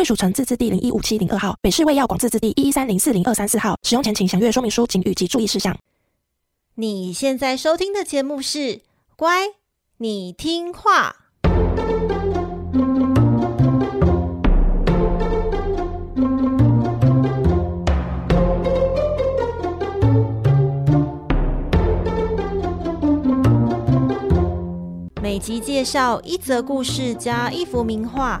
衛署成製字第零一五七零二號，北市衛藥廣自字第一一三零四零二三四號。使用前請詳閱說明書警語及注意事項。你現在收聽的節目是《乖，你聽畫》。每集介紹一則故事加一幅名畫。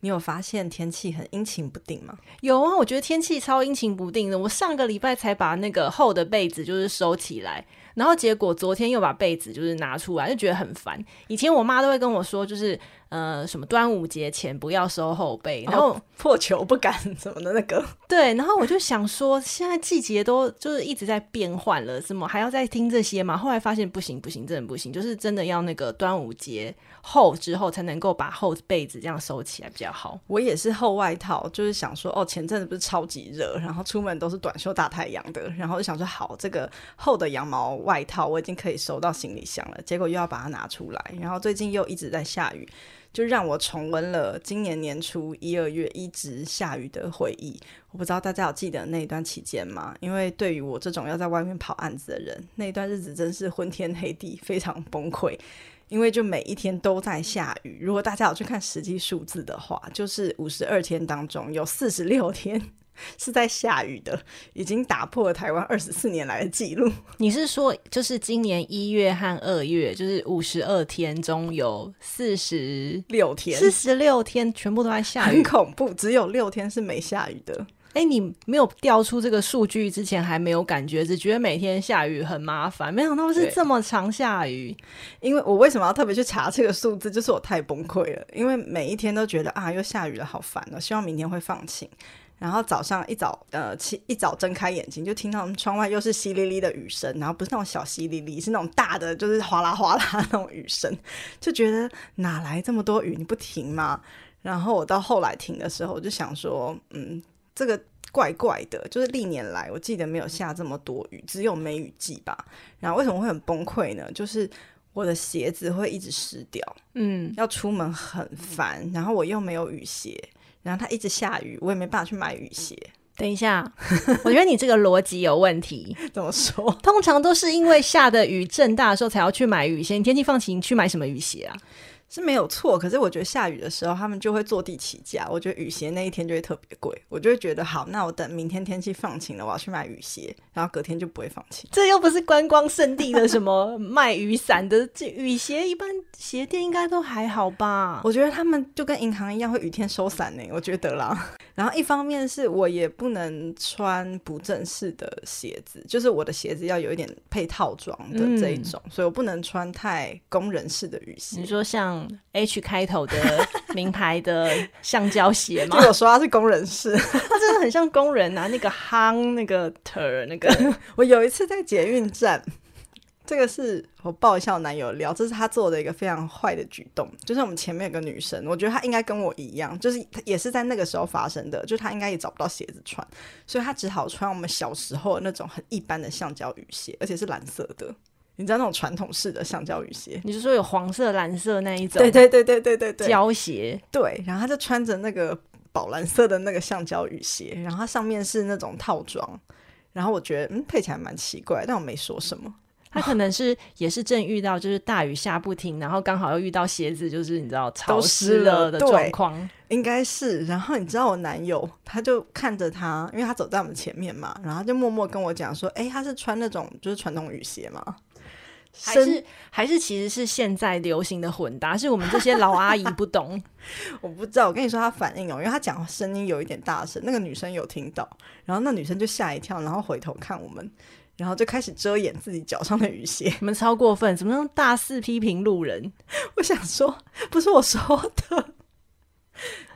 你有發現天氣很陰晴不定嗎？有啊，我覺得天氣超陰晴不定的。我上個禮拜才把那個厚的被子就是收起來。然後結果昨天又把被子就是拿出來，就覺得很煩。以前我媽都會跟我說，就是呃什麼端午節前不要收厚被，然後、哦、破球不敢什麼的那個。對，然後我就想說，現在季節都就是一直在變換了，怎麼還要再聽這些嗎？後來發現不行不行，真的不行，就是真的要那個端午節後之後才能夠把厚被子這樣收起來比較好。我也是厚外套，就是想說哦，前陣子不是超級熱，然後出門都是短袖大太陽的，然後就想說好，這個厚的羊毛。外套，我已經可以收到行李箱了，結果又要把它拿出來。然後最近又一直在下雨，就讓我重溫了今年年初一二月一直下雨的回憶。我不知道大家有記得那一段期間嗎？因為對於我這種要在外面跑案子的人，那一段日子真是昏天黑地，非常崩潰。因為就每一天都在下雨。如果大家有去看實際數字的話，就是五十二天當中有四十六天，是在下雨的，已經打破了台灣二十四年來的記錄。你是說，就是今年一月和二月，就是五十二天中有四十六天，四十六天全部都在下雨，很恐怖。只有六天是沒下雨的。哎、欸，你沒有調出這個數據之前，還沒有感覺，只覺得每天下雨很麻煩。沒想到是這麼常下雨。對因為我為什麼要特別去查這個數字？就是我太崩潰了，因為每一天都覺得啊，又下雨了，好煩啊！希望明天會放晴。然後早上一早，呃，起一早睜開眼睛就聽到窗外又是淅瀝瀝的雨聲，然後不是那種小淅瀝瀝，是那種大的，就是嘩啦嘩啦那種雨聲，就覺得哪來這麼多雨？你不停嗎？然後我到後來停的時候，我就想說，嗯，這個怪怪的，就是歷年來我記得沒有下這麼多雨，只有梅雨季吧。然後為什麼會很崩潰呢？就是我的鞋子會一直濕掉，嗯，要出門很煩，然後我又沒有雨鞋。然後它一直下雨，我也沒辦法去買雨鞋。等一下，我覺得你這個邏輯有問題。 怎麼說？通常都是因為下的雨正大的時候才要去買雨鞋，你天氣放晴，你去買什麼雨鞋啊？是沒有錯，可是我覺得下雨的時候他們就會坐地起價。我覺得雨鞋那一天就會特別貴，我就會覺得好，那我等明天天氣放晴了，我要去買雨鞋，然後隔天就不會放晴。這又不是觀光勝地的什麼賣雨傘的，這雨鞋 一般鞋店應該都還好吧？我覺得他們就跟銀行一樣，會雨天收傘呢、欸。我覺得啦。然後一方面是我也不能穿不正式的鞋子，就是我的鞋子要有一點配套裝的這一種，嗯、所以我不能穿太工人式的雨鞋。你說像。H 開頭的名牌的橡膠鞋嗎？我有說他是工人式， 他真的很像工人啊！那個夯，那個 ter，那個 我有一次在捷運站，這個是我爆笑男友聊，這是他做的一個非常壞的舉動。就是我們前面有個女生，我覺得她應該跟我一樣，就是也是在那個時候發生的，就她、是、應該也找不到鞋子穿，所以她只好穿我們小時候那種很一般的橡膠雨鞋，而且是藍色的。你知道那種傳統式的橡膠雨鞋，你是說有黃色、藍色那一種？對對對對對對對。膠鞋，對。然後他就穿着那個寶藍色的那個橡膠雨鞋，然後它上面是那種套裝。然後我覺得，嗯，配起來蠻奇怪，但我沒說什麼。他可能是 也是正遇到就是大雨下不停，然後剛好又遇到鞋子就是你知道潮濕了的狀況，應該是。然後你知道我男友他就看着他，因為他走在我們前面嘛，然後就默默跟我講說：“哎，他是穿那種就是傳統雨鞋嘛。”還是還是其實是現在流行的混搭，是我們這些老阿姨不懂。 我不知道，我跟你說她反應哦、喔，因為她講話聲音有一點大聲，那個女生有聽到，然後那女生就嚇一跳，然後回頭看我們，然後就開始遮掩自己腳上的雨鞋。你們超過分，怎麼能大肆批評路人？ 我想說，不是我說的。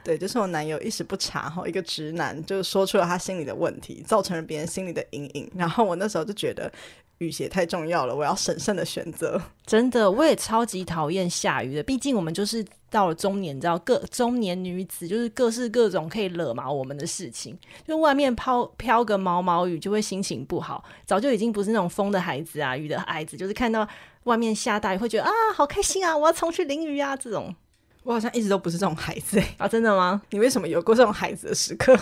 對，就是我男友一時不察哈，一個直男就說出了他心裡的問題，造成了別人心裡的陰影。然後我那時候就覺得雨鞋太重要了，我要審慎的選擇。真的，我也超級討厭下雨的，畢竟我們就是到了中年，你知道，各中年女子就是各式各種可以惹毛我們的事情。就外面飄飄個毛毛雨，就會心情不好。早就已經不是那種風的孩子啊，雨的孩子，就是看到外面下大雨，會覺得啊，好開心啊，我要衝去淋雨啊，這種。我好像一直都不是這種孩子，哎、欸、啊，oh, 真的嗎？你為什麼有過這種孩子的時刻？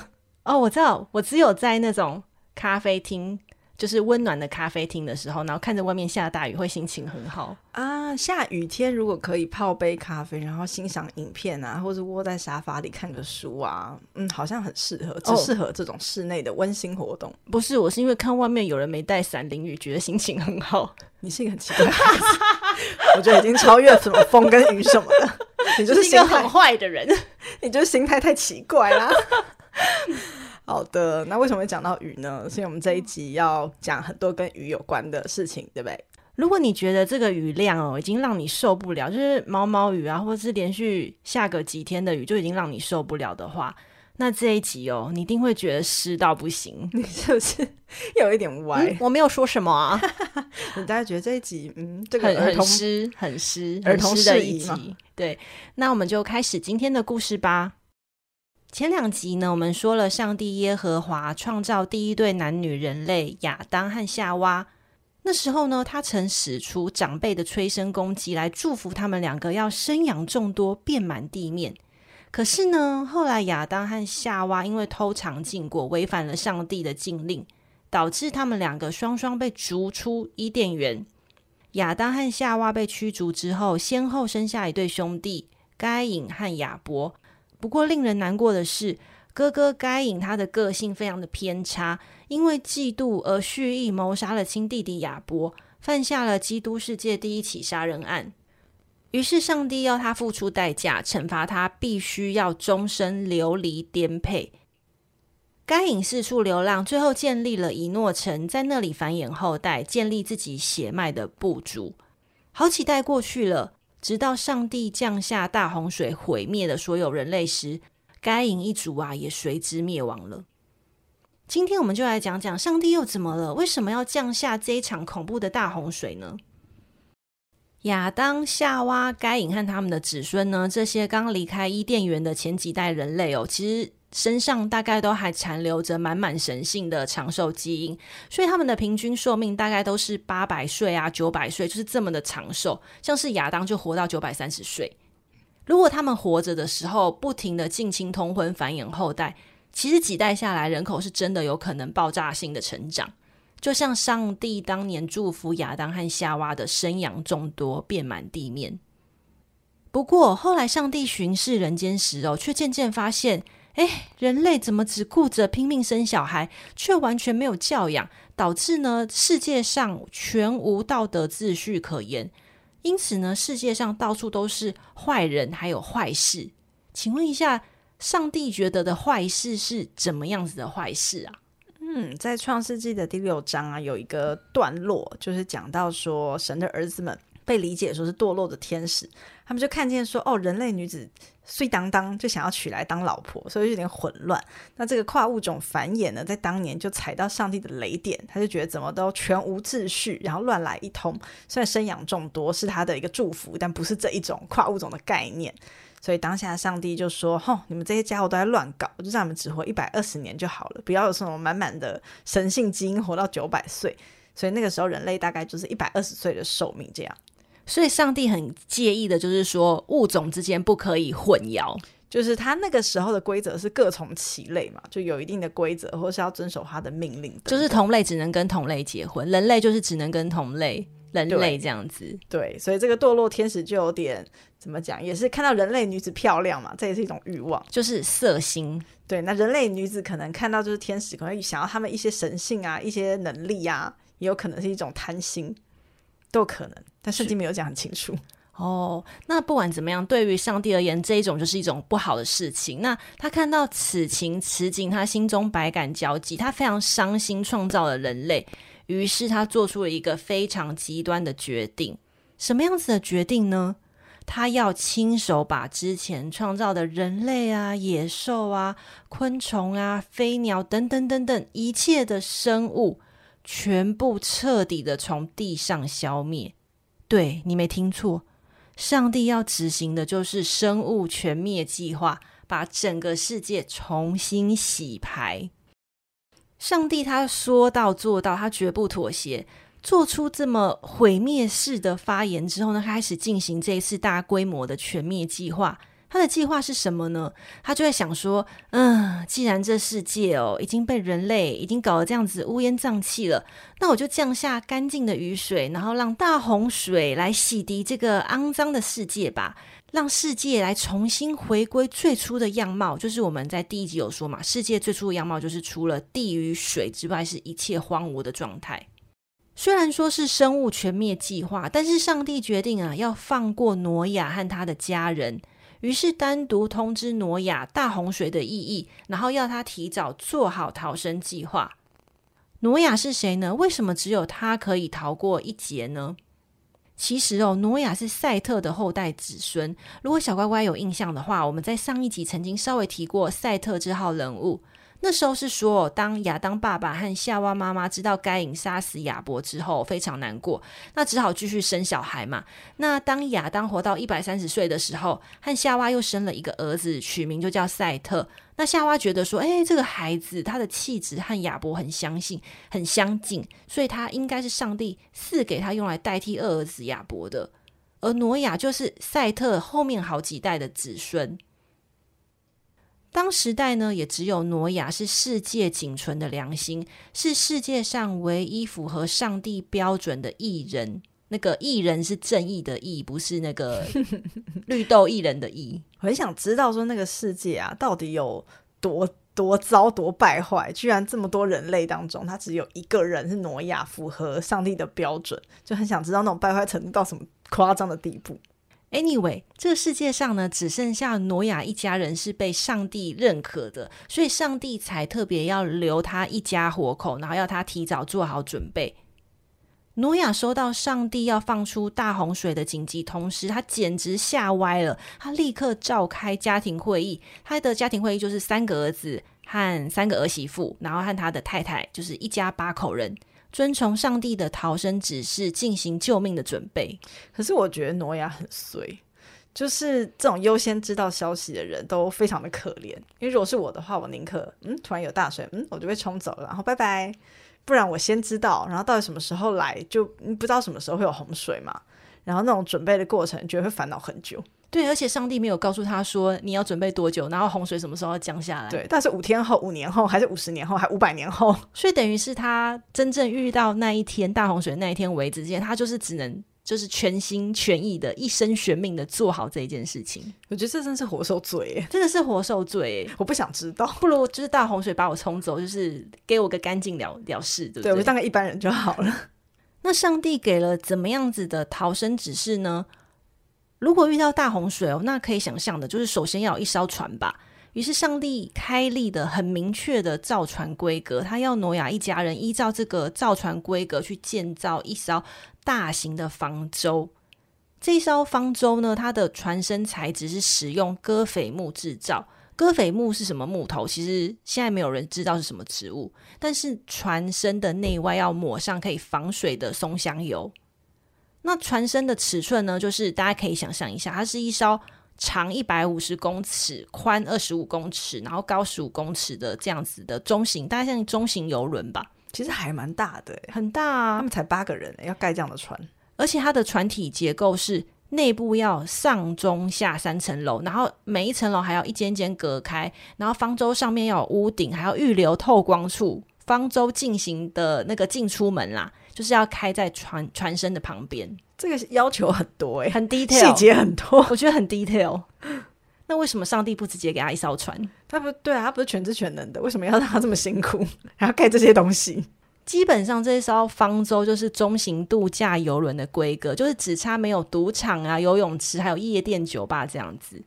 哦，oh, 我知道，我只有在那種咖啡廳。就是溫暖的咖啡廳的時候，然後看着外面下大雨，會心情很好啊、呃。下雨天如果可以泡杯咖啡，然後欣賞影片啊，或者窩在沙發裡看個書啊，嗯，好像很適合，只適、哦、合這種室內的溫馨活動。不是，我是因為看外面有人沒帶傘淋雨，覺得心情很好。你是一個很奇怪， 我覺得已經超越了什麼風跟雨什麼的。 你就是，是一個很壞的人，你就是心態太奇怪啦。 好的，那為什麼會講到雨呢？所以我們這一集要講很多跟雨有關的事情，對不對？如果你覺得這個雨量哦，已經讓你受不了，就是毛毛雨啊，或者是連續下個幾天的雨，就已經讓你受不了的話，那這一集哦，你一定會覺得濕到不行，你是不是有一點歪？嗯，我沒有說什麼啊， 你大家覺得這一集嗯，這個兒童很濕，很濕，兒童濕的一集，對，那我們就開始今天的故事吧。前兩集呢，我們說了上帝耶和華創造第一對男女人類亞當和夏娃。那時候呢，他曾使出長輩的催生攻擊來祝福他們兩個，要生養眾多，遍滿地面。可是呢，後來亞當和夏娃因為偷嘗禁果，違反了上帝的禁令，導致他們兩個雙雙被逐出伊甸園。亞當和夏娃被驅逐之後，先後生下一對兄弟，該隱和亞伯。不過，令人難過的是，哥哥該隱他的個性非常的偏差，因為嫉妒而蓄意謀殺了親弟弟亞伯，犯下了基督世界第一起殺人案。於是，上帝要他付出代價，懲罰他，必須要終身流離顛沛。該隱四處流浪，最後建立了以諾城，在那裡繁衍後代，建立自己血脈的部族。好幾代過去了。直到上帝降下大洪水，毀滅了所有人類時，該隱一族啊也隨之滅亡了。今天我們就來講講上帝又怎麼了？為什麼要降下這一場恐怖的大洪水呢？亞當、夏娃、該隱和他們的子孫呢？這些剛離開伊甸園的前幾代人類哦，其實。身上大概都還殘留着滿滿神性的長壽基因，所以他們的平均壽命大概都是八百歲啊、九百歲，就是這麼的長壽。像是亞當就活到九百三十歲。如果他們活着的時候不停的近親通婚繁衍後代，其實幾代下來人口是真的有可能爆炸性的成長，就像上帝當年祝福亞當和夏娃的生養眾多，遍滿地面。不過後來上帝巡視人間時哦，卻漸漸發現。哎，人類怎麼只顧着拼命生小孩，卻完全沒有教養，導致呢，世界上全無道德秩序可言。因此呢，世界上到處都是壞人，還有壞事。請問一下，上帝覺得的壞事是怎麼樣子的壞事啊？嗯，在創世紀的第六章啊，有一個段落就是講到說，神的兒子們。被理解說是墮落的天使，他們就看見說哦，人類女子水噹噹，就想要娶來當老婆，所以就有點混亂。那這個跨物種繁衍呢，在當年就踩到上帝的雷點，他就覺得怎麼都全無秩序，然後亂來一通。雖然生養眾多是他的一個祝福，但不是這一種跨物種的概念。所以當下上帝就說：“你們這些家伙都在亂搞，我就讓你們只活一百二十年就好了，不要有什麼滿滿的神性基因活到九百歲。”所以那個時候人類大概就是一百二十歲的壽命這樣。所以，上帝很介意的，就是說物種之間不可以混淆。就是他那個時候的規則是各從其類嘛，就有一定的規則，或是要遵守他的命令等等，就是同類只能跟同類結婚，人類就是只能跟同類人類這樣子對。對，所以這個墮落天使就有點怎麼講，也是看到人類女子漂亮嘛，這也是一種慾望，就是色心。對，那人類女子可能看到就是天使，可能想要他們一些神性啊，一些能力啊，也有可能是一種貪心。都可能，但聖經沒有講很清楚。哦，那不管怎麼樣，對於上帝而言，這一種就是一種不好的事情。那他看到此情此景，他心中百感交集，他非常傷心，創造了人類，於是他做出了一個非常極端的決定。什麼樣子的決定呢？他要親手把之前創造的人類啊、野獸啊、昆蟲啊、飛鳥等等等等一切的生物。全部徹底的從地上消滅，對，你沒聽錯，上帝要執行的就是生物全滅計劃，把整個世界重新洗牌。上帝他說到做到，他絕不妥協，做出這麼毀滅式的發言之後呢，他開始進行這一次大規模的全滅計劃。他的計劃是什麼呢？他就在想說，嗯，既然這世界哦已經被人類已經搞得這樣子烏煙瘴氣了，那我就降下乾淨的雨水，然後讓大洪水來洗滌這個骯髒的世界吧，讓世界來重新回歸最初的樣貌。就是我們在第一集有說嘛，世界最初的樣貌就是除了地與水之外，是一切荒蕪的狀態。雖然說是生物全滅計劃，但是上帝決定啊，要放過挪亞和他的家人。於是單獨通知挪亞大洪水的意義，然後要他提早做好逃生計劃。挪亞是誰呢？為什麼只有他可以逃過一劫呢？其實哦，挪亞是賽特的後代子孫。如果小乖乖有印象的話，我們在上一集曾經稍微提過賽特這號人物。那時候是說，當亞當爸爸和夏娃媽媽知道該隱殺死亞伯之後，非常難過，那只好繼續生小孩嘛。那當亞當活到一百三十歲的時候，和夏娃又生了一個兒子，取名就叫賽特。那夏娃覺得說，誒、哎，這個孩子他的氣質和亞伯很相信很相近，所以他應該是上帝賜給他用來代替二兒子亞伯的。而挪亞就是賽特後面好幾代的子孫。當時代呢，也只有挪亞是世界僅存的良心，是世界上唯一符合上帝標準的義人。那個義人是正義的義，不是那個綠豆薏仁的薏。 我很想知道，說那個世界啊，到底有多多糟、多敗壞？居然這麼多人類當中，他只有一個人是挪亞符合上帝的標準，就很想知道那種敗壞程度到什麼誇張的地步。Anyway，這個世界上呢，只剩下挪亞一家人是被上帝認可的，所以上帝才特別要留他一家活口，然後要他提早做好準備。挪亞收到上帝要放出大洪水的緊急通知，同時他簡直嚇歪了。他立刻召開家庭會議，他的家庭會議就是三個兒子和三個兒媳婦，然後和他的太太，就是一家八口人。遵從上帝的逃生指示進行救命的準備。可是我覺得挪亞很衰，就是這種優先知道消息的人都非常的可憐。因為如果是我的話，我寧可嗯，突然有大水，嗯，我就被沖走了，然後拜拜。不然我先知道，然後到底什麼時候來，就，嗯，不知道什麼時候會有洪水嘛。然後那種準備的過程，覺得會煩惱很久。對，而且上帝沒有告訴他說你要準備多久，然後洪水什麼時候要降下來。對，但是五天後、五年後，還是五十年後，還五百年後，所以等於是他真正遇到那一天大洪水那一天為止之間，他就是只能就是全心全意的、一生懸命的做好這一件事情。我覺得這真是活受罪，真的是活受罪。我不想知道，不如就是大洪水把我沖走，就是給我個乾淨了了事，對不對？對我當個一般人就好了。 那上帝給了怎麼樣子的逃生指示呢？如果遇到大洪水哦，那可以想象，的就是首先要有一艘船吧。於是上帝開立的很明確的造船規格，他要挪亞一家人依照這個造船規格去建造一艘大型的方舟。這一艘方舟呢，它的船身材質是使用歌斐木製造。歌斐木是什麼木頭？其實現在沒有人知道是什麼植物。但是船身的內外要抹上可以防水的松香油。那船身的尺寸呢？就是大家可以想象一下，它是一艘長一百五十公尺、寬二十五公尺，然後高十五公尺的這樣子的中型，大概像中型遊輪吧。其實還蠻大的，很大啊！他們才八個人，要蓋這樣的船，而且它的船體結構是內部要上中下三層樓，然後每一層樓還要一間間隔開，然後方舟上面要有屋頂，還要預留透光處，方舟進行的那個進出門啦，就是要開在船船身的旁邊，這個要求很多誒、欸，很 detail，細節很多， 我覺得很 detail。那為什麼上帝不直接給他一艘船？他不對啊，他不是全知全能的，為什麼要讓他這麼辛苦，還要蓋這些東西？基本上這一艘方舟就是中型度假遊輪的規格，就是只差沒有賭場啊、游泳池還有一夜店酒吧這樣子。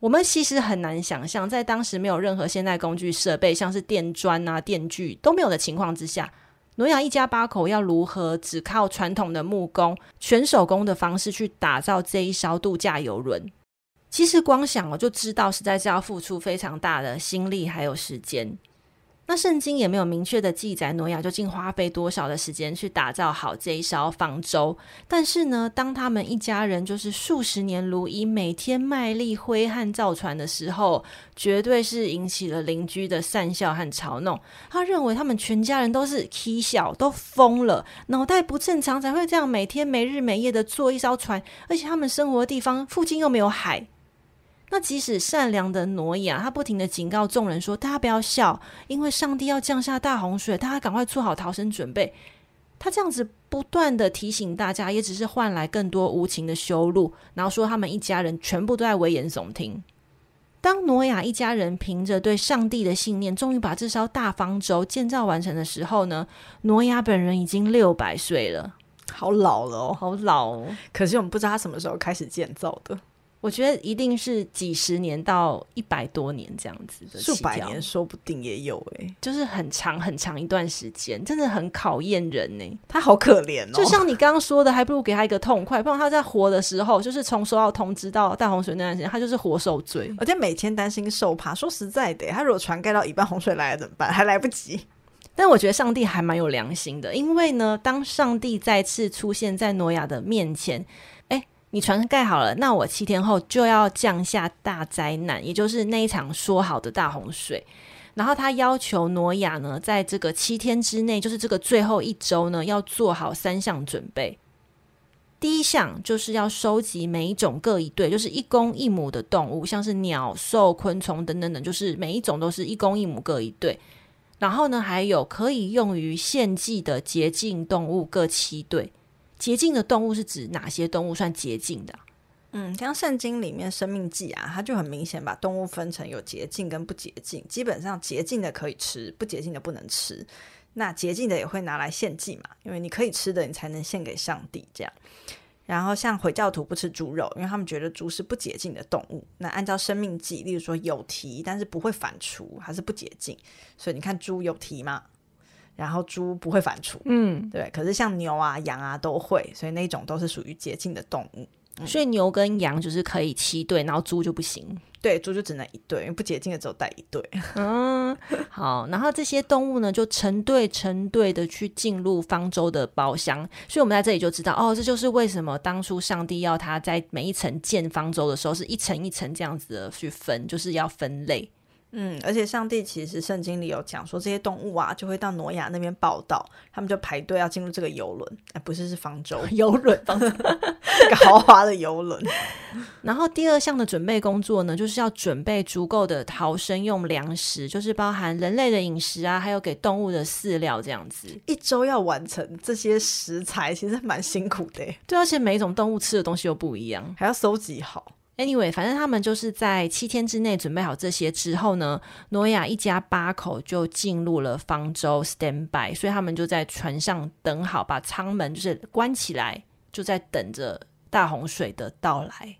我們其實很難想象，在當時沒有任何現代工具設備，像是電鑽啊、電鋸都沒有的情況之下。挪亞一家八口要如何只靠傳統的木工、全手工的方式去打造這一艘度假遊輪？其實光想我就知道實在是要付出非常大的心力還有時間。那聖經也沒有明確的記載，挪亞究竟花費多少的時間去打造好這一艘方舟。但是呢，當他們一家人就是數十年如一，每天賣力揮汗造船的時候，絕對是引起了鄰居的訕笑和嘲弄。他認為他們全家人都是奇小，都瘋了，腦袋不正常才會這樣每天沒日沒夜的做一艘船，而且他們生活的地方附近又沒有海。那即使善良的挪亞，他不停的警告眾人說：“大家不要笑，因為上帝要降下大洪水，大家趕快做好逃生準備。”他這樣子不斷的提醒大家，也只是換來更多無情的羞辱。然後說他們一家人全部都在危言聳聽。當挪亞一家人憑着對上帝的信念，終於把這艘大方舟建造完成的時候呢，挪亞本人已經六百歲了，好老了哦，好老哦。可是我們不知道他什麼時候開始建造的。我覺得一定是幾十年到一百多年這樣子的，數百年說不定也有哎、欸，就是很長很長一段時間，真的很考驗人呢、欸。他好可憐哦，就像你剛剛說的，還不如給他一個痛快，不然他在活的時候，就是從收到通知到大洪水那段時間，他就是活受罪，而且每天擔心受怕。說實在的、欸，他如果船蓋到一半，洪水來了怎麼辦？還來不及。但我覺得上帝還蠻有良心的，因為呢，當上帝再次出現在挪亞的面前，哎、欸。你船蓋好了，那我七天後就要降下大災難，也就是那一場說好的大洪水。然後他要求挪亞呢，在這個七天之內，就是這個最後一週呢，要做好三項準備。第一項就是要收集每一種各一對，就是一公一母的動物，像是鳥獸、昆蟲等等等，就是每一種都是一公一母各一對。然後呢，還有可以用於獻祭的潔淨動物各七對。潔淨的動物是指哪些動物算潔淨的？嗯，像聖經裡面《生命記》啊，它就很明顯把動物分成有潔淨跟不潔淨，基本上潔淨的可以吃，不潔淨的不能吃。那潔淨的也會拿來獻祭嘛，因為你可以吃的，你才能獻給上帝這樣。然後像回教徒不吃豬肉，因為他們覺得豬是不潔淨的動物。那按照《生命記》，例如說有蹄但是不會反芻，還是不潔淨。所以你看豬有蹄嗎？然後豬不會反芻，嗯，對。可是像牛啊、羊啊都會，所以那種都是屬於潔淨的動物。嗯，所以牛跟羊就是可以七對，然後豬就不行。對，豬就只能一對，因為不潔淨的只有帶一對。嗯，好。 然後這些動物呢，就成對成對的去進入方舟的包廂。所以我們在這裡就知道，哦，這就是為什麼當初上帝要他在每一層建方舟的時候，是一層一層這樣子的去分，就是要分類。嗯，而且上帝其實聖經裡有講說，這些動物啊就會到挪亞那邊報到，他們就排隊要進入這個遊輪，哎，不是，是方舟、啊、遊輪、方舟，這個 豪華的遊輪。 然後第二項的準備工作呢，就是要準備足夠的逃生用糧食，就是包含人類的飲食啊，還有給動物的飼料這樣子。一周要完成這些食材，其實蠻辛苦的。對，而且每一種動物吃的東西又不一樣，還要收集好。Anyway，反正他們就是在七天之內準備好這些之後呢，諾亞一家八口就進入了方舟 stand by，所以他們就在船上等好，把艙門就是關起來，就在等着大洪水的到來。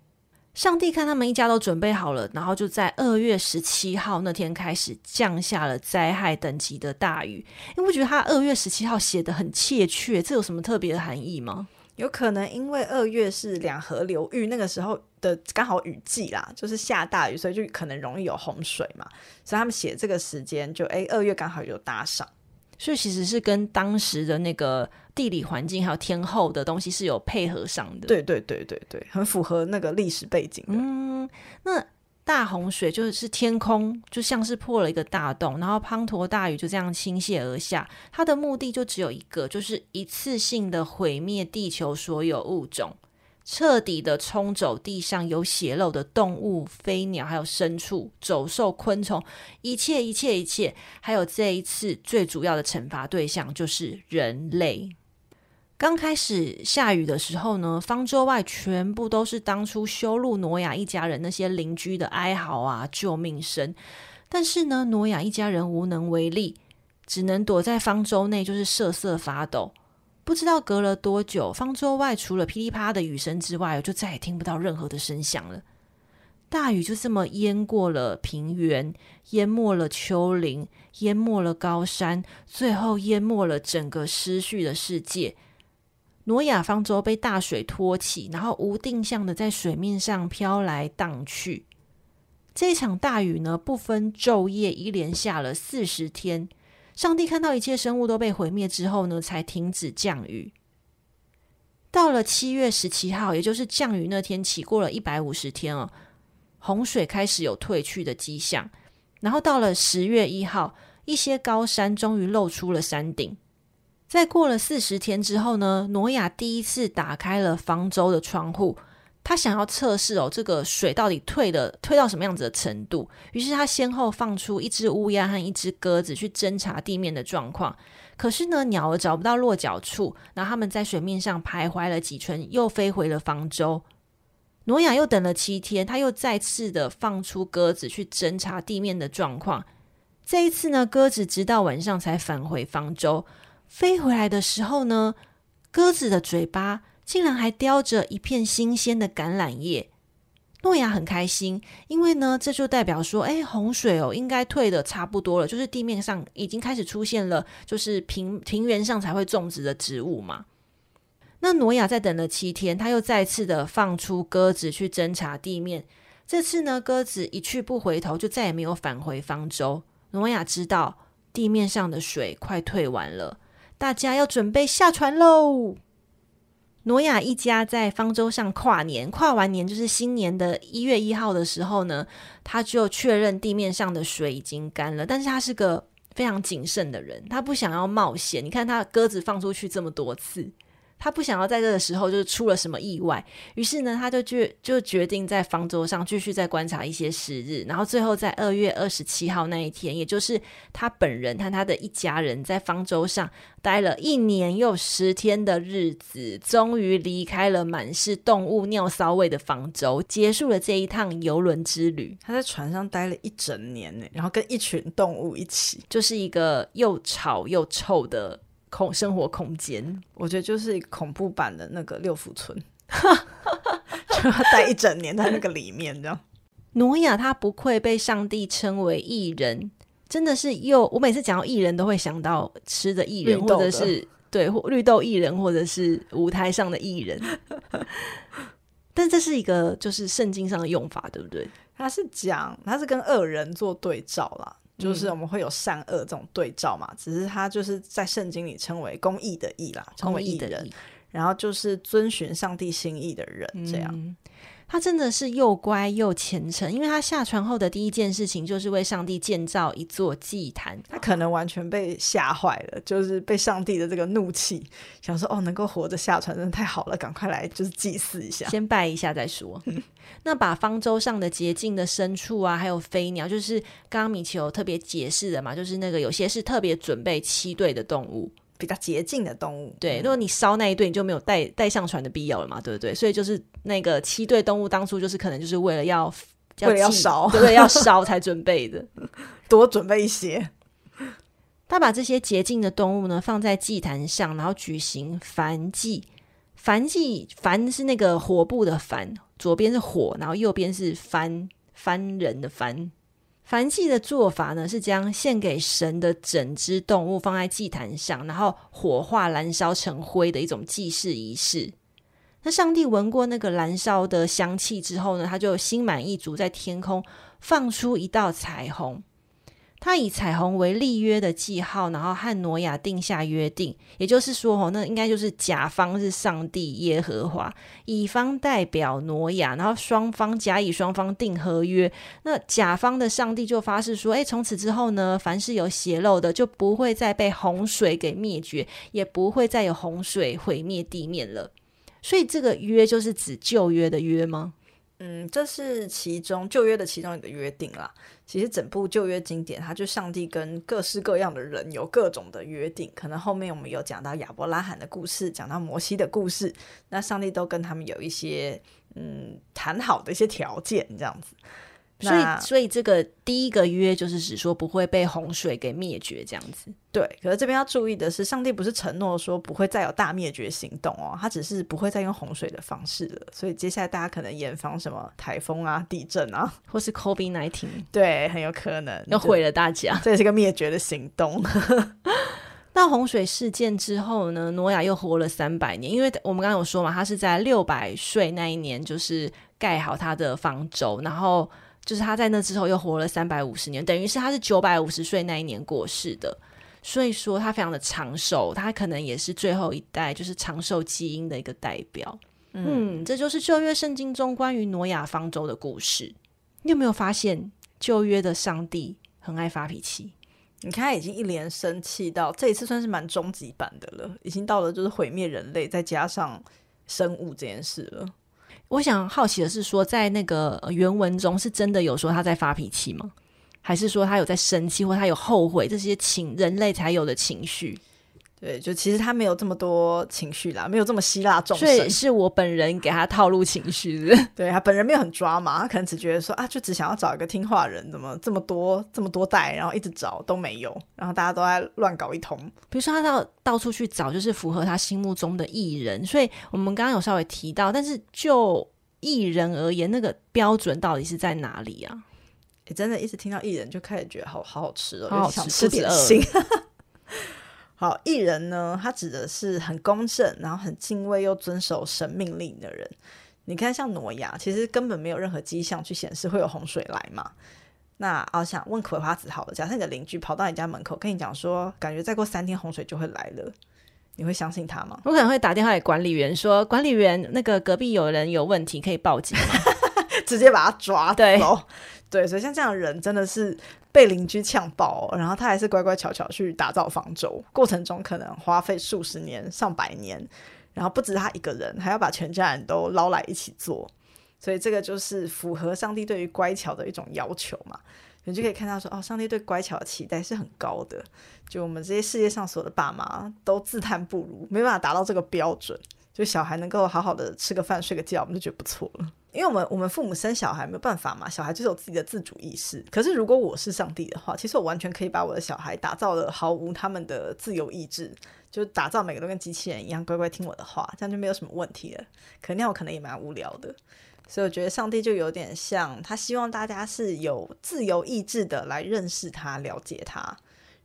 上帝看他們一家都準備好了，然後就在二月十七號那天開始降下了災害等級的大雨。因為我覺得他二月十七號寫得很確切，這有什麼特別的含義嗎？有可能因為二月是兩河流域那個時候。的剛好雨季啦，就是下大雨，所以就可能容易有洪水嘛，所以他們寫這個時間就誒，二月剛好就搭上。所以其實是跟當時的那個地理環境還有天候的東西是有配合上的。對對對對對，很符合那個歷史背景。嗯，那大洪水就是天空就像是破了一個大洞，然後滂沱大雨就這樣傾瀉而下，它的目的就只有一個，就是一次性的毀滅地球所有物種。徹底的沖走地上有血肉的動物、飛鳥，還有牲畜、走獸、昆蟲，一切一切一切，還有這一次最主要的懲罰對象就是人類。剛開始下雨的時候呢，方舟外全部都是當初羞辱挪亞一家人那些鄰居的哀嚎啊、救命聲，但是呢，挪亞一家人無能為力，只能躲在方舟內，就是瑟瑟發抖。不知道隔了多久，方舟外除了噼里啪啦的雨聲之外，我就再也聽不到任何的聲響了。大雨就這麼淹過了平原，淹沒了丘陵，淹沒了高山，最後淹沒了整個失序的世界。挪亞方舟被大水托起，然後無定向的在水面上飄來蕩去。這場大雨呢，不分晝夜，一連下了四十天。上帝看到一切生物都被毀滅之後呢，才停止降雨。到了七月十七號，也就是降雨那天起，過了一百五十天哦，洪水開始有退去的跡象。然後到了十月一號，一些高山終於露出了山頂。在過了四十天之後呢，挪亞第一次打開了方舟的窗戶。他想要測試哦，這個水到底退了，退到什麼樣子的程度？於是他先後放出一隻烏鴉和一隻鴿子去偵查地面的狀況。可是呢，鳥兒找不到落腳處，然後他們在水面上徘徊了幾圈，又飛回了方舟。挪亞又等了七天，他又再次的放出鴿子去偵查地面的狀況。這一次呢，鴿子直到晚上才返回方舟。飛回來的時候呢，鴿子的嘴巴竟然還叼着一片新鮮的橄欖葉，挪亞很開心，因為呢，這就代表說，誒，洪水哦，應該退得差不多了，就是地面上已經開始出現了，就是平平原上才會種植的植物嘛。那挪亞再等了七天，他又再次的放出鴿子去偵察地面，這次呢，鴿子一去不回頭，就再也沒有返回方舟。挪亞知道地面上的水快退完了，大家要準備下船嘍。挪亞一家在方舟上跨年，跨完年就是新年的一月一號的時候呢，他就確認地面上的水已經乾了。但是他是個非常謹慎的人，他不想要冒險。你看，他的鴿子放出去這麼多次。他不想要在這個時候就是出了什麼意外，於是呢，他就決就決定在方舟上繼續再觀察一些時日，然後最後在二月二十七號那一天，也就是他本人和他的一家人在方舟上待了一年又十天的日子，終於離開了滿是動物尿騷味的方舟，結束了這一趟郵輪之旅。他在船上待了一整年呢，然後跟一群動物一起，就是一個又吵又臭的，恐生活空間，我覺得就是恐怖版的那個六福村， 就要待一整年在那個裡面。這樣，挪亞 他不愧被上帝稱為義人，真的是又我每次講到義人都會想到吃的薏仁，或者是對或綠豆薏仁，或者是舞台上的藝人。 但這是一個就是聖經上的用法，對不對？他是講他是跟惡人做對照啦。就是我們會有善惡這種對照嘛，只是他就是在聖經裡稱為“公義”的義啦，稱為義的人，公義的義，然後就是遵循上帝心意的人這樣。嗯他真的是又乖又虔誠，因為他下船後的第一件事情就是為上帝建造一座祭壇。他可能完全被嚇壞了，就是被上帝的這個怒氣，想說哦，能夠活着下船，真的太好了，趕快來就是祭祀一下，先拜一下再說。 那把方舟上的潔淨的牲畜啊，還有飛鳥，就是剛剛米奇有特別解釋的嘛，就是那個有些是特別準備七對的動物。比較潔淨的動物。對，如果你燒那一對，你就沒有帶帶上船的必要了嘛，對不對？所以就是那個七對動物，當初就是可能就是為了要，要為了要燒，對，對，對，要燒才準備的， 多準備一些。他把這些潔淨的動物呢，放在祭壇上，然後舉行燔祭。燔祭，燔是那個火部的燔，左邊是火，然後右邊是番，番人的番。燔祭的做法呢，是將獻給神的整隻動物放在祭壇上，然後火化、燃燒成灰的一種祭祀儀式。那上帝聞過那個燃燒的香氣之後呢，他就心滿意足，在天空放出一道彩虹。他以彩虹為立約的記號，然後和挪亞定下約定。也就是說，哦，那應該就是甲方是上帝耶和華，乙方代表挪亞，然後雙方甲乙雙方訂合約。那甲方的上帝就發誓說：“誒，從此之後呢，凡是有泄漏的，就不會再被洪水給滅絕，也不會再有洪水毀滅地面了。”所以，這個約就是指舊約的約嗎？嗯，這是其中舊約的其中一個約定啦。其實整部舊約經典，它就上帝跟各式各樣的人有各種的約定。可能後面我們有講到亞伯拉罕的故事，講到摩西的故事，那上帝都跟他們有一些嗯，談好的一些條件，這樣子。那所以，所以這個第一個約就是指說不會被洪水給滅絕這樣子。對，可是這邊要注意的是，上帝不是承諾說不會再有大滅絕行動哦，他只是不會再用洪水的方式了。所以接下來大家可能嚴防什麼台風啊、地震啊，或是 COVID-19。對，很有可能要毀了大家。這也是個滅絕的行動。 到洪水事件之後呢，挪亞又活了三百年，因為我們剛剛有說嘛，他是在六百歲那一年就是蓋好他的方舟，然後。就是他在那之後又活了三百五十年，等於是他是九百五十歲那一年過世的，所以說他非常的長壽，他可能也是最後一代就是長壽基因的一個代表。嗯，這就是舊約聖經中關於挪亞方舟的故事。你有沒有發現舊約的上帝很愛發脾氣？你看他已經一連生氣到這一次算是蠻終極版的了，已經到了就是毀滅人類再加上生物這件事了。我想好奇的是，說在那個原文中，是真的有說他在發脾氣嗎？還是說他有在生氣，或他有後悔這些情人類才有的情緒？對，就其實他沒有這麼多情緒啦，沒有這麼希臘眾神，所以是我本人給他套路情緒的。 對，他本人沒有很抓嘛，他可能只覺得說啊，就只想要找一個聽話人，怎麼這麼多這麼多代，然後一直找都沒有，然後大家都在亂搞一通。比如說他到到處去找，就是符合他心目中的藝人。所以我們剛剛有稍微提到，但是就藝人而言，那個標準到底是在哪裡啊？欸，真的，一直聽到藝人就開始覺得好好好吃哦，想吃就點惡心。 好，義人呢？他指的是很公正，然後很敬畏又遵守神命令的人。你看，像挪亞，其實根本沒有任何跡象去顯示會有洪水來嘛。那我想、啊、問葵花子好了，假設你的鄰居跑到你家門口跟你講說，感覺再過三天洪水就會來了，你會相信他嗎？我可能會打電話給管理員說，管理員，那個隔壁有人有問題，可以報警， 直接把他抓走。對。對，所以像這樣的人真的是被鄰居嗆爆，哦，然後他還是乖乖巧巧去打造方舟，過程中可能花費數十年，上百年，然後不止他一個人，還要把全家人都撈來一起做，所以這個就是符合上帝對於乖巧的一種要求嘛。你就可以看到說，哦，上帝對乖巧的期待是很高的，就我們這些世界上所有的爸媽都自嘆不如，沒辦法達到這個標準，就小孩能夠好好的吃個飯、睡個覺，我們就覺得不錯了。因為我們我們父母生小孩沒有辦法嘛，小孩就是有自己的自主意識。可是如果我是上帝的話，其實我完全可以把我的小孩打造得毫無他們的自由意志，就打造每個都跟機器人一樣乖乖聽我的話，這樣就沒有什麼問題了。可那樣可能也蠻無聊的，所以我覺得上帝就有點像，他希望大家是有自由意志的來認識他、了解他，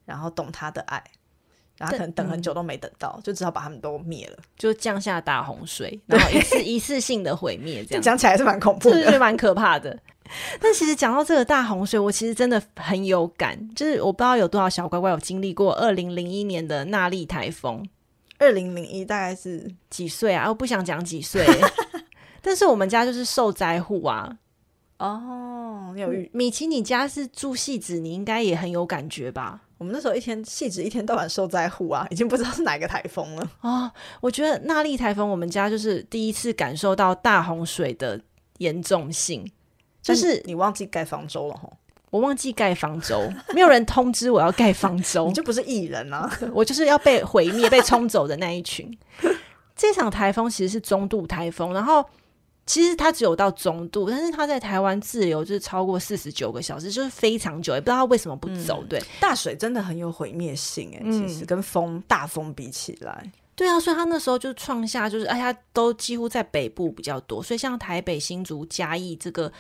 然後懂他的愛。然後可能等很久都沒等到，嗯、就只好把他們都滅了，就降下大洪水，對然後一次一次性的毀滅，這樣 講起來是蠻恐怖的，是蠻可怕的。 但其實講到這個大洪水，我其實真的很有感，就是我不知道有多少小乖乖有經歷過二零零一年的納莉颱風，二零零一大概是幾歲啊，啊？我不想講幾歲， 但是我們家就是受災戶啊。哦、oh，有米奇，你家是住汐止，你應該也很有感覺吧？我們那時候一天，汐止一天到晚受災戶啊，已經不知道是哪個颱風了啊、哦！我覺得納莉颱風，我們家就是第一次感受到大洪水的嚴重性，你就是你忘記蓋方舟了吼！我忘記蓋方舟， 沒有人通知我要蓋方舟， 你就不是藝人啊， 我就是要被毀滅、被沖走的那一群。 這場颱風其實是中度颱風，然後。其實它只有到中度，但是它在台灣滯留就是超過四十九個小時，就是非常久，也不知道他為什麼不走。嗯、對，大水真的很有毀滅性哎，嗯、其實跟風大風比起來，對啊，所以他那時候就創下就是哎呀，都幾乎在北部比較多，所以像台北新竹嘉義這個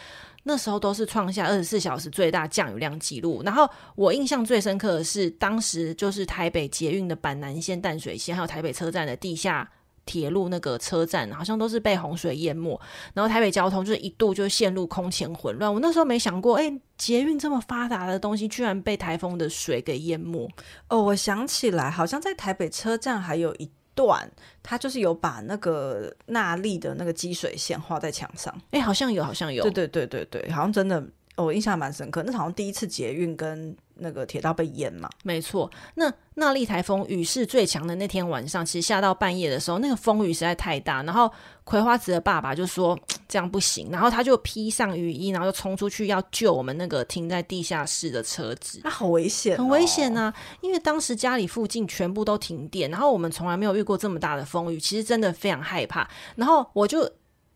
那時候都是創下二十四小時最大降雨量記錄。然後我印象最深刻的是當時就是台北捷運的板南線淡水線，還有台北車站的地下。鐵路那個車站好像都是被洪水淹沒，然後台北交通就是一度就陷入空前混亂。我那時候沒想過，哎，捷運這麼發達的東西居然被台風的水給淹沒。哦，我想起來，好像在台北車站還有一段，它就是有把那個納莉的那個積水線畫在牆上。哎，好像有，好像有。對對對對對，好像真的，我、哦、印象蠻深刻。那好像第一次捷運跟那個鐵道被淹了，沒錯。那納莉颱風雨勢最強的那天晚上，其實下到半夜的時候，那個風雨實在太大。然後葵花子的爸爸就說這樣不行，然後他就披上雨衣，然後就衝出去要救我們那個停在地下室的車子。那好危險哦，很危險啊！因為當時家裡附近全部都停電，然後我們從來沒有遇過這麼大的風雨，其實真的非常害怕。然後我就，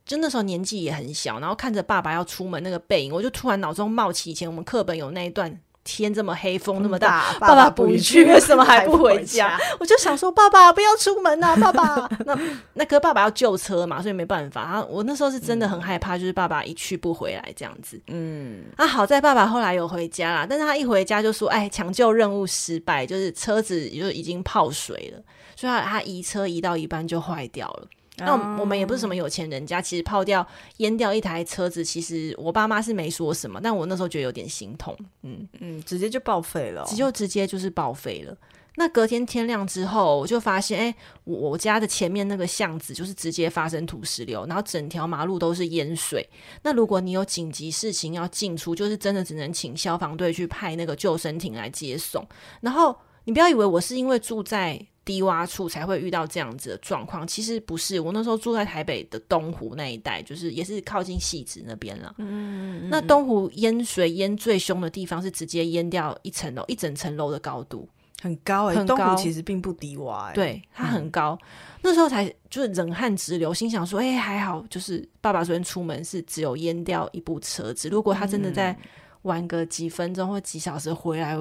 就那時候年紀也很小，然後看着爸爸要出門那個背影，我就突然腦中冒起以前我們課本有那一段。天這麼黑，風那麼大爸，爸爸不去，為什麼還不回家？回家我就想說，爸爸不要出門吶、啊，爸爸。 那那個，爸爸要救車嘛，所以沒辦法啊。我那時候是真的很害怕，嗯、就是爸爸一去不回來這樣子。嗯，啊，好在爸爸後來有回家啦，但是他一回家就說，哎，搶救任務失敗，就是車子就已經泡水了，所以他移車移到一半就壞掉了。那我們也不是什麼有錢人家，oh. 其實泡掉、淹掉一台車子，其實我爸媽是沒說什麼，但我那時候覺得有點心痛，嗯嗯，直接就報廢了，就直接就是報廢了。那隔天天亮之後，我就發現，哎、欸，我家的前面那個巷子就是直接發生土石流，然後整條馬路都是淹水。那如果你有緊急事情要進出，就是真的只能請消防隊去派那個救生艇來接送。然後你不要以為我是因為住在。低窪處才會遇到這樣子的狀況，其實不是。我那時候住在台北的東湖那一帶，就是也是靠近汐止那邊了。嗯，那東湖淹水淹最凶的地方是直接淹掉一層樓，一整層樓的高度很高，欸、很高。東湖其實並不低窪，欸，對，它很高。嗯、那時候才就是冷汗直流，心想說：“哎、欸，還好，就是爸爸昨天出門是只有淹掉一部車子，如果他真的在晚個幾分鐘或幾小時回來。”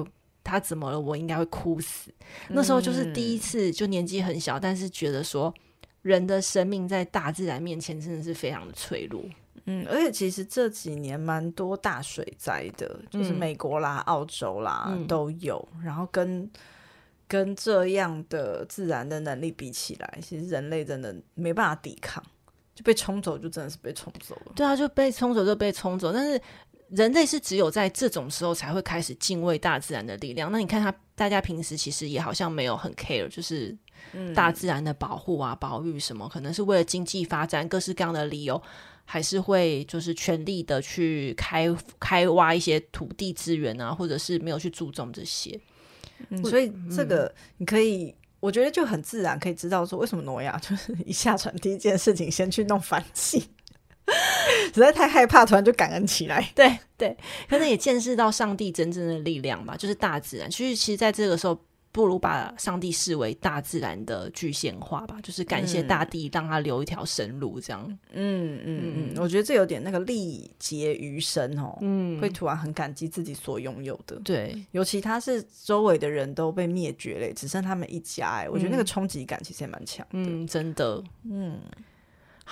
他怎麼了？我應該會哭死。那時候就是第一次，嗯、就年紀很小，但是覺得說人的生命在大自然面前真的是非常的脆弱。嗯，而且其實這幾年蠻多大水災的，就是美國啦、嗯、澳洲啦都有。嗯、然後跟跟這樣的自然的能力比起來，其實人類真的沒辦法抵抗，就被沖走，就真的是被沖走了。對啊，就被沖走就被沖走，但是。人類是只有在這種時候才會開始敬畏大自然的力量。那你看他，大家平時其實也好像沒有很 care，就是大自然的保護啊、嗯、保育什麼，可能是為了經濟發展各式各樣的理由，還是會就是全力的去開開挖一些土地資源啊，或者是沒有去注重這些。嗯、所以這個你可以，嗯、我覺得就很自然可以知道說，為什麼挪亞就是一下船第一件事情先去弄燔祭。實在太害怕，突然就感恩起來。對對，可能也見識到上帝真正的力量吧，就是大自然。其實，其實在這個時候，不如把上帝視為大自然的具現化吧，就是感謝大地，讓他留一條生路。這樣，嗯嗯嗯，嗯，我覺得這有點那個歷劫餘生哦，嗯，會突然很感激自己所擁有的。對，尤其他是周圍的人都被滅絕了，只剩他們一家、欸，哎，我覺得那個衝擊感其實也蠻強的。嗯，嗯，真的，嗯。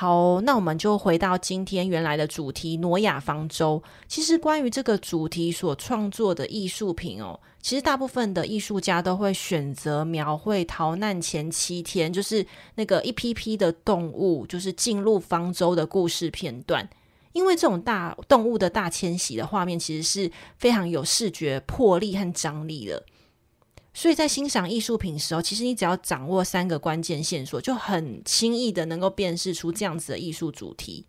好，那我們就回到今天原來的主題——挪亞方舟。其實，關於這個主題所創作的藝術品哦，其實大部分的藝術家都會選擇描繪逃難前七天，就是那個一批批的動物就是進入方舟的故事片段，因為這種大動物的大遷徙的畫面，其實是非常有視覺魄力和張力的。所以在欣賞藝術品的時候，其實你只要掌握三個關鍵線索，就很輕易的能夠辨識出這樣子的藝術主題。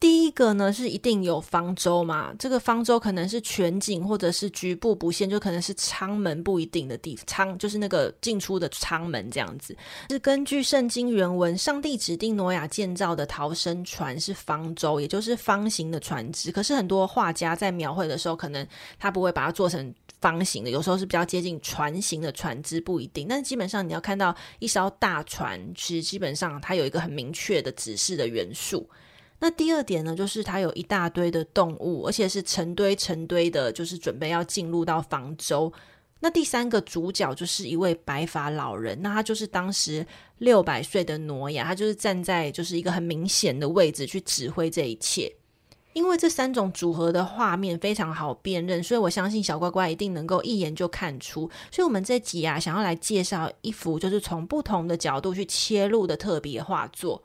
第一個呢，是一定有方舟嘛？這個方舟可能是全景或者是局部不限，就可能是艙門，不一定的地方，艙，就是那個進出的艙門這樣子。是根據聖經原文，上帝指定挪亞建造的逃生船是方舟，也就是方形的船隻。可是很多畫家在描繪的時候，可能他不會把它做成方形的，有時候是比較接近船形的船隻，不一定。但是基本上你要看到一艘大船其實基本上它有一個很明確的指示的元素。那第二點呢，就是它有一大堆的動物，而且是成堆成堆的，就是準備要進入到方舟。那第三個主角就是一位白髮老人，那他就是當時六百歲的挪亞，他就是站在就是一個很明顯的位置去指揮這一切。因為這三種組合的畫面非常好辨認，所以我相信小乖乖一定能夠一眼就看出。所以我們這集啊，想要來介紹一幅就是從不同的角度去切入的特別畫作。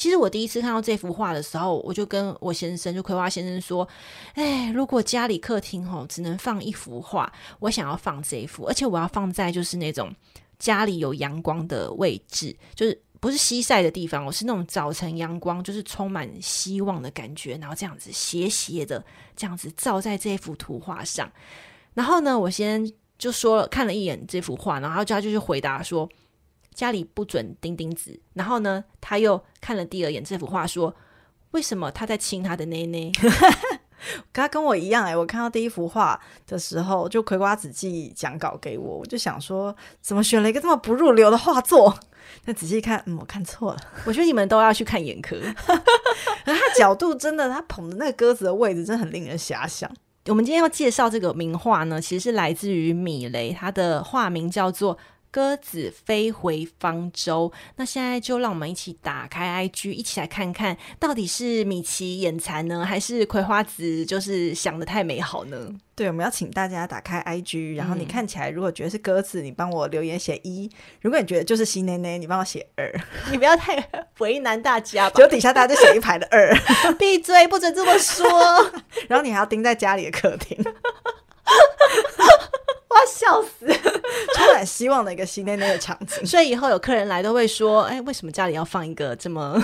其實我第一次看到這幅畫的時候，我就跟我先生，就葵花先生說：“哎，如果家裡客廳哦，只能放一幅畫，我想要放這一幅，而且我要放在就是那種家裡有陽光的位置，就是不是西曬的地方，我是那種早晨陽光，就是充滿希望的感覺，然後這樣子斜斜的這樣子照在這幅圖畫上。然後呢，我先就說了看了一眼這幅畫，然後他就去回答說。”家裡不准釘釘子，然後呢，他又看了第二眼這幅畫，說：“為什麼他在親他的內內？”他 跟我一樣哎、欸，我看到第一幅畫的時候，就葵瓜子寄講稿給我，我就想說，怎麼選了一個這麼不入流的畫作？但仔細看，嗯，我看錯了。我覺得你們都要去看眼科。 他角度真的，他捧的那個鴿子的位置，真的很令人遐想。 我們今天要介紹這個名畫呢，其實是來自於米雷，他的畫名叫做。鴿子飛回方舟，那現在就讓我們一起打開 IG，一起來看看到底是米雷眼殘呢，還是葵花子就是想得太美好呢？對，我們要請大家打開 IG，然後你看起來如果覺得是鴿子，你幫我留言寫一、嗯；如果你覺得就是西奶奶，你幫我寫二。你不要太為難大家吧！就底下大家就寫一排的二，閉 嘴，不准這麼說。 然後你還要盯在家裡的客廳。 我要笑死！充滿希望的一個新奶奶的那個場景，所以以後有客人來都會說：“哎，為什麼家裡要放一個這麼……”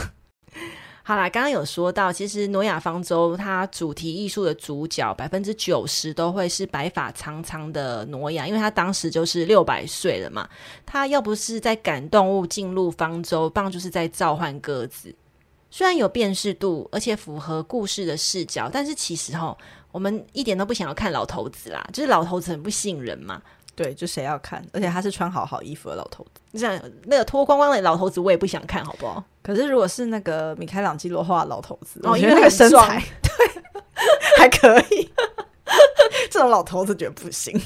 好啦，剛剛有說到，其實《挪亞方舟》它主題藝術的主角百分之九十都會是白髮蒼蒼的挪亞，因為他當時就是六百歲了嘛。他要不是在趕動物進入方舟，棒就是在召喚鴿子。雖然有辨識度，而且符合故事的視角，但是其實哈。我們一點都不想要看老頭子啦，就是老頭子很不吸引人嘛。對，就誰要看？而且他是穿好好衣服的老頭子。你想那個脫光光的老頭子，我也不想看，好不好？可是如果是那個米開朗基羅畫的老頭子，哦，因為那個身材對 還可以。 這種老頭子覺得不行。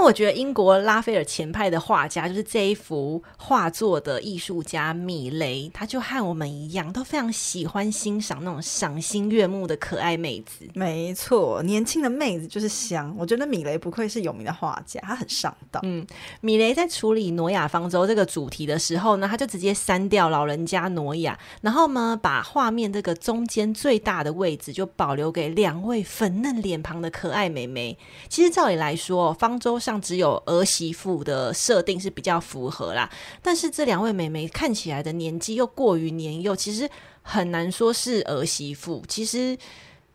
那我覺得英國拉斐爾前派的畫家，就是這一幅畫作的藝術家米雷，他就和我們一樣，都非常喜歡欣賞那種賞心悅目的可愛妹子。沒錯，年輕的妹子就是香。我覺得米雷不愧是有名的畫家，他很上道。嗯，米雷在處理挪亞方舟這個主題的時候呢，他就直接刪掉老人家挪亞，然後呢，把畫面這個中間最大的位置就保留給兩位粉嫩臉龐的可愛妹妹。其實照理來說，方舟。像只有兒媳婦的設定是比較符合啦，但是這兩位美眉看起來的年紀又過於年幼，其實很難說是兒媳婦。其實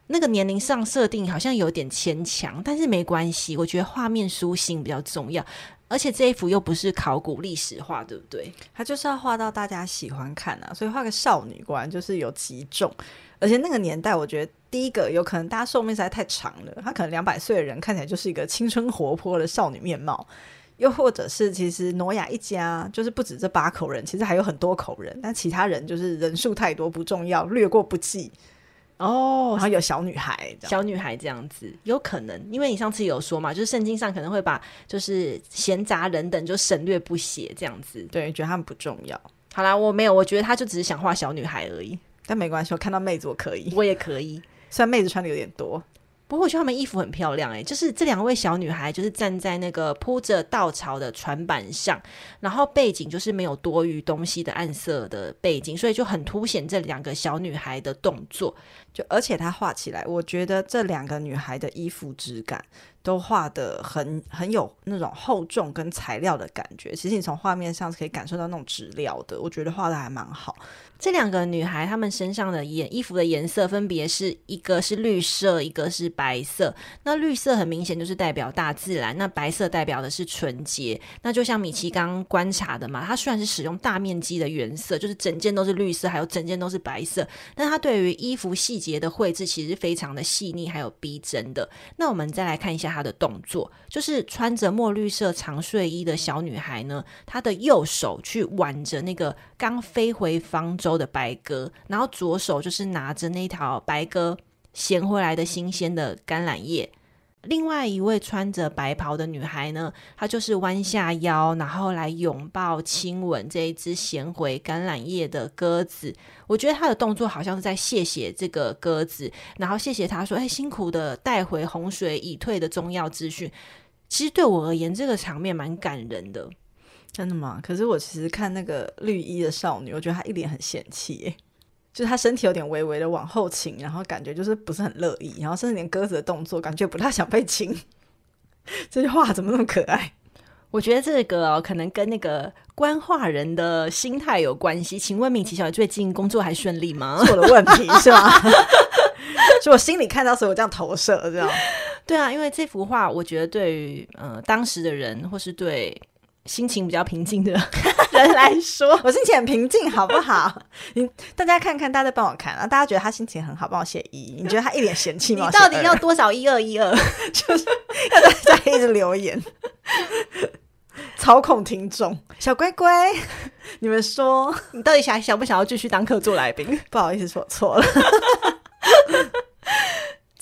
那個年齡上設定好像有點牽強，但是沒關係，我覺得畫面舒心比較重要。而且這一幅又不是考古歷史畫，對不對？它就是要畫到大家喜歡看啊，所以畫個少女果然就是有幾種。而且那個年代，我覺得。第一個有可能，大家壽命實在太長了，他可能兩百歲的人看起來就是一個青春活潑的少女面貌。又或者是，其實挪亞一家就是不止這八口人，其實還有很多口人，但其他人就是人數太多不重要，略過不計。哦，然後有小女孩，好樣小女孩這樣子有可能，因為你上次有說嘛，就是聖經上可能會把就是閒雜人等就省略不寫這樣子，對，覺得他們不重要。好啦，我沒有，我覺得他就只是想畫小女孩而已，但沒關係，我看到妹子我可以，我也可以。雖然妹子穿的有點多，不過我覺得她們衣服很漂亮誒、欸，就是這兩位小女孩，就是站在那個鋪着稻草的船板上，然後背景就是沒有多餘東西的暗色的背景，所以就很凸顯這兩個小女孩的動作。就而且她畫起來，我覺得這兩個女孩的衣服質感。都畫的很很有那種厚重跟材料的感覺，其實你從畫面上可以感受到那種質料的，我覺得畫的還蠻好。這兩個女孩她們身上的衣衣服的顏色分別是一個是綠色，一個是白色。那綠色很明顯就是代表大自然，那白色代表的是純潔。那就像米奇剛剛觀察的嘛，它雖然是使用大面積的原色，就是整件都是綠色，還有整件都是白色，但它對於衣服細節的繪製其實是非常的細膩，還有逼真的。那我們再來看一下。他的動作就是穿着墨綠色長睡衣的小女孩呢，她的右手去挽着那個剛飛回方舟的白鴿，然後左手就是拿着那條白鴿銜回來的新鮮的橄欖葉。另外一位穿着白袍的女孩呢，她就是彎下腰，然後來擁抱、親吻這一只銜回橄欖葉的鴿子。我覺得她的動作好像是在謝謝這個鴿子，然後謝謝她說：“哎，辛苦的帶回洪水已退的重要資訊。”其實對我而言，這個場面蠻感人的。真的嗎？可是我其實看那個綠衣的少女，我覺得她一臉很嫌棄。就是他身體有點微微的往後傾，然後感覺就是不是很樂意，然後甚至連鴿子的動作感覺不太想被親。 這句話怎麼那麼可愛？我覺得這個、哦、可能跟那個觀畫人的心態有關係。請問米奇小姐最近工作還順利嗎？我的問題是嗎？所以我心裡看到，所有我這樣投射，這樣 對啊。因為這幅畫，我覺得對於呃當時的人或是對。心情比較平靜的 人來說， 我心情很平靜，好不好？ 你大家看看，大家在幫我看，然、啊、後大家覺得他心情很好，幫我寫一。 你覺得他一臉嫌棄嗎？ 你到底要多少？一二一二， 就是要大家一直留言，操控聽眾。小乖乖， 你們說，你到底想想不想要繼續當客座來賓？ 不好意思，我錯了。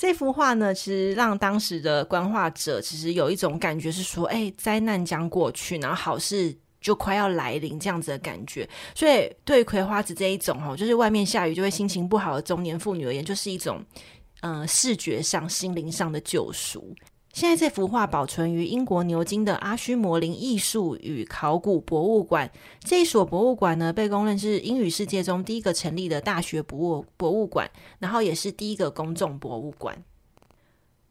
這幅畫呢，其實讓當時的觀畫者其實有一種感覺是說，哎，災難將過去，然後好事就快要來臨，這樣子的感覺。所以對葵花子這一種哦，就是外面下雨就會心情不好的中年婦女而言，就是一種嗯、呃，視覺上、心靈上的救贖。現在這幅畫保存於英國牛津的阿須摩林藝術與考古博物館。這一所博物館呢，被公認是英語世界中第一個成立的大學博物博物館，然後也是第一個公眾博物館。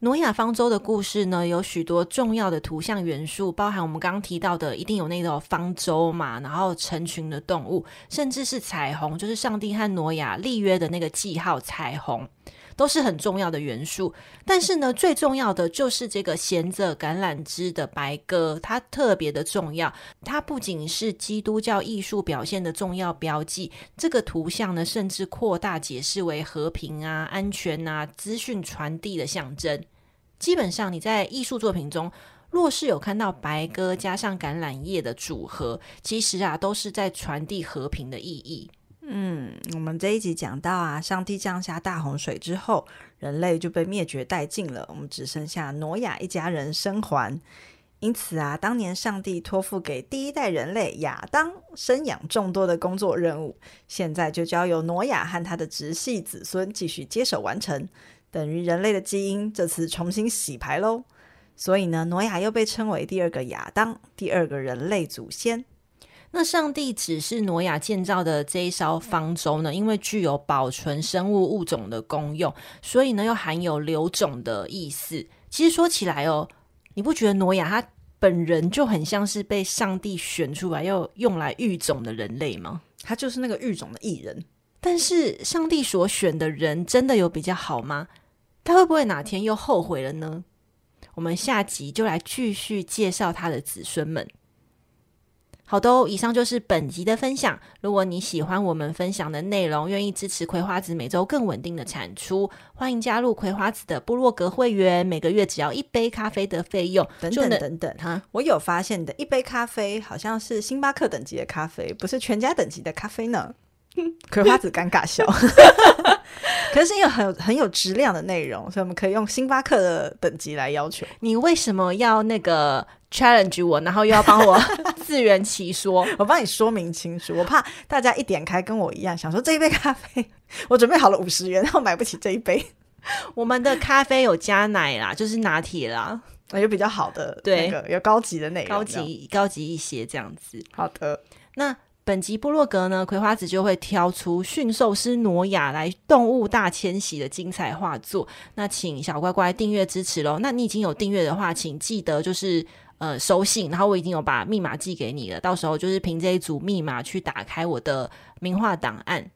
挪亞方舟的故事呢，有許多重要的圖像元素，包含我們剛剛提到的，一定有那個方舟嘛，然後成群的動物，甚至是彩虹，就是上帝和挪亞立約的那個記號——彩虹。都是很重要的元素，但是呢，最重要的就是這個銜着橄欖枝的白鴿，它特別的重要。它不僅是基督教藝術表現的重要標記，這個圖像呢，甚至擴大解釋為和平啊、安全啊、資訊傳遞的象徵。基本上，你在藝術作品中，若是有看到白鴿加上橄欖葉的組合，其實啊，都是在傳遞和平的意義。嗯，我們這一集講到啊，上帝降下大洪水之後，人類就被滅絕殆盡了。我們只剩下挪亞一家人生還。因此啊，當年上帝托付給第一代人類亞當生養眾多的工作任務，現在就交由挪亞和他的直系子孫繼續接手完成。等於人類的基因這次重新洗牌嘍。所以呢，挪亞又被稱為第二個亞當，第二個人類祖先。那上帝指示挪亞建造的這一艘方舟呢，因為具有保存生物物種的功用，所以呢又含有留種的意思。其實說起來哦，你不覺得挪亞他本人就很像是被上帝選出來要用來育種的人類嗎？他就是那個育種的藝人。但是上帝所選的人真的有比較好嗎？他會不會哪天又後悔了呢？我們下集就來繼續介紹他的子孫們。好的、哦，以上就是本集的分享。如果你喜歡我們分享的內容，願意支持葵花子每周更穩定的產出，歡迎加入葵花子的部落格會員，每個月只要一杯咖啡的費用，等等能等等哈。蛤我有發現的一杯咖啡好像是星巴克等級的咖啡，不是全家等級的咖啡呢。葵花子尷尬笑， 可是因為很有很有質量的內容，所以我們可以用星巴克的等級來要求。你為什麼要那個 challenge 我？然後又要幫我自圓其說？ 我幫你說明清楚，我怕大家一點開跟我一樣，想說這一杯咖啡我準備好了五十元，然後買不起這一杯。我們的咖啡有加奶啦，就是拿鐵啦、嗯，有比較好的那個，對有高級的那個，高級高級一些這樣子。好的，那。本集部落格呢，葵花子就會挑出馴獸師挪亞來動物大遷徙的精彩畫作。那請小乖乖訂閱支持嘍。那你已經有訂閱的話，請記得就是呃收信，然後我已經有把密碼寄給你了。到時候就是憑這一組密碼去打開我的名畫檔案。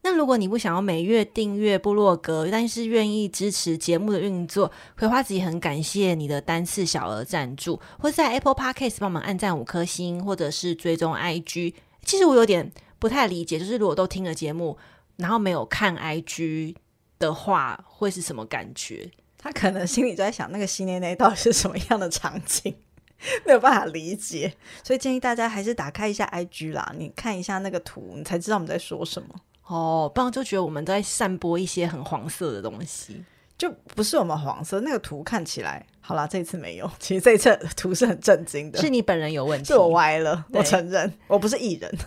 那如果你不想要每月訂閱部落格，但是願意支持節目的運作，葵花子也很感謝你的單次小額贊助，或在 Apple Podcast 幫忙按讚五顆星，或者是追蹤 IG。其實我有點不太理解，就是如果都聽了節目，然後沒有看 IG 的話，會是什麼感覺？他可能心裡就在想那個新奶奶到底是什麼樣的場景，沒有辦法理解。所以建議大家還是打開一下 IG 啦，你看一下那個圖，你才知道我們在說什麼。哦，不然就覺得我們都在散播一些很黃色的東西。就不是我們黃色那個圖看起來好啦，這次沒有。其實這次圖是很震驚的，是你本人有問題，坐歪了，對我承認，我不是藝人。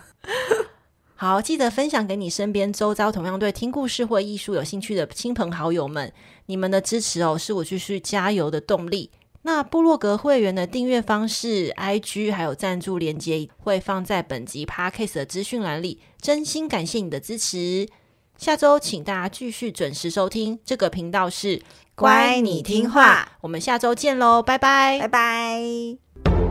好，記得分享給你身邊周遭同樣對聽故事或藝術有興趣的親朋好友們，你們的支持哦，是我繼續加油的動力。那部落格會員的訂閱方式、IG 還有贊助連結會放在本集 Podcast 的資訊欄裡，真心感謝你的支持。下週請大家繼續準時收聽這個頻道，是乖，你聽畫，聽畫。我們下週見嘍，拜拜，拜拜。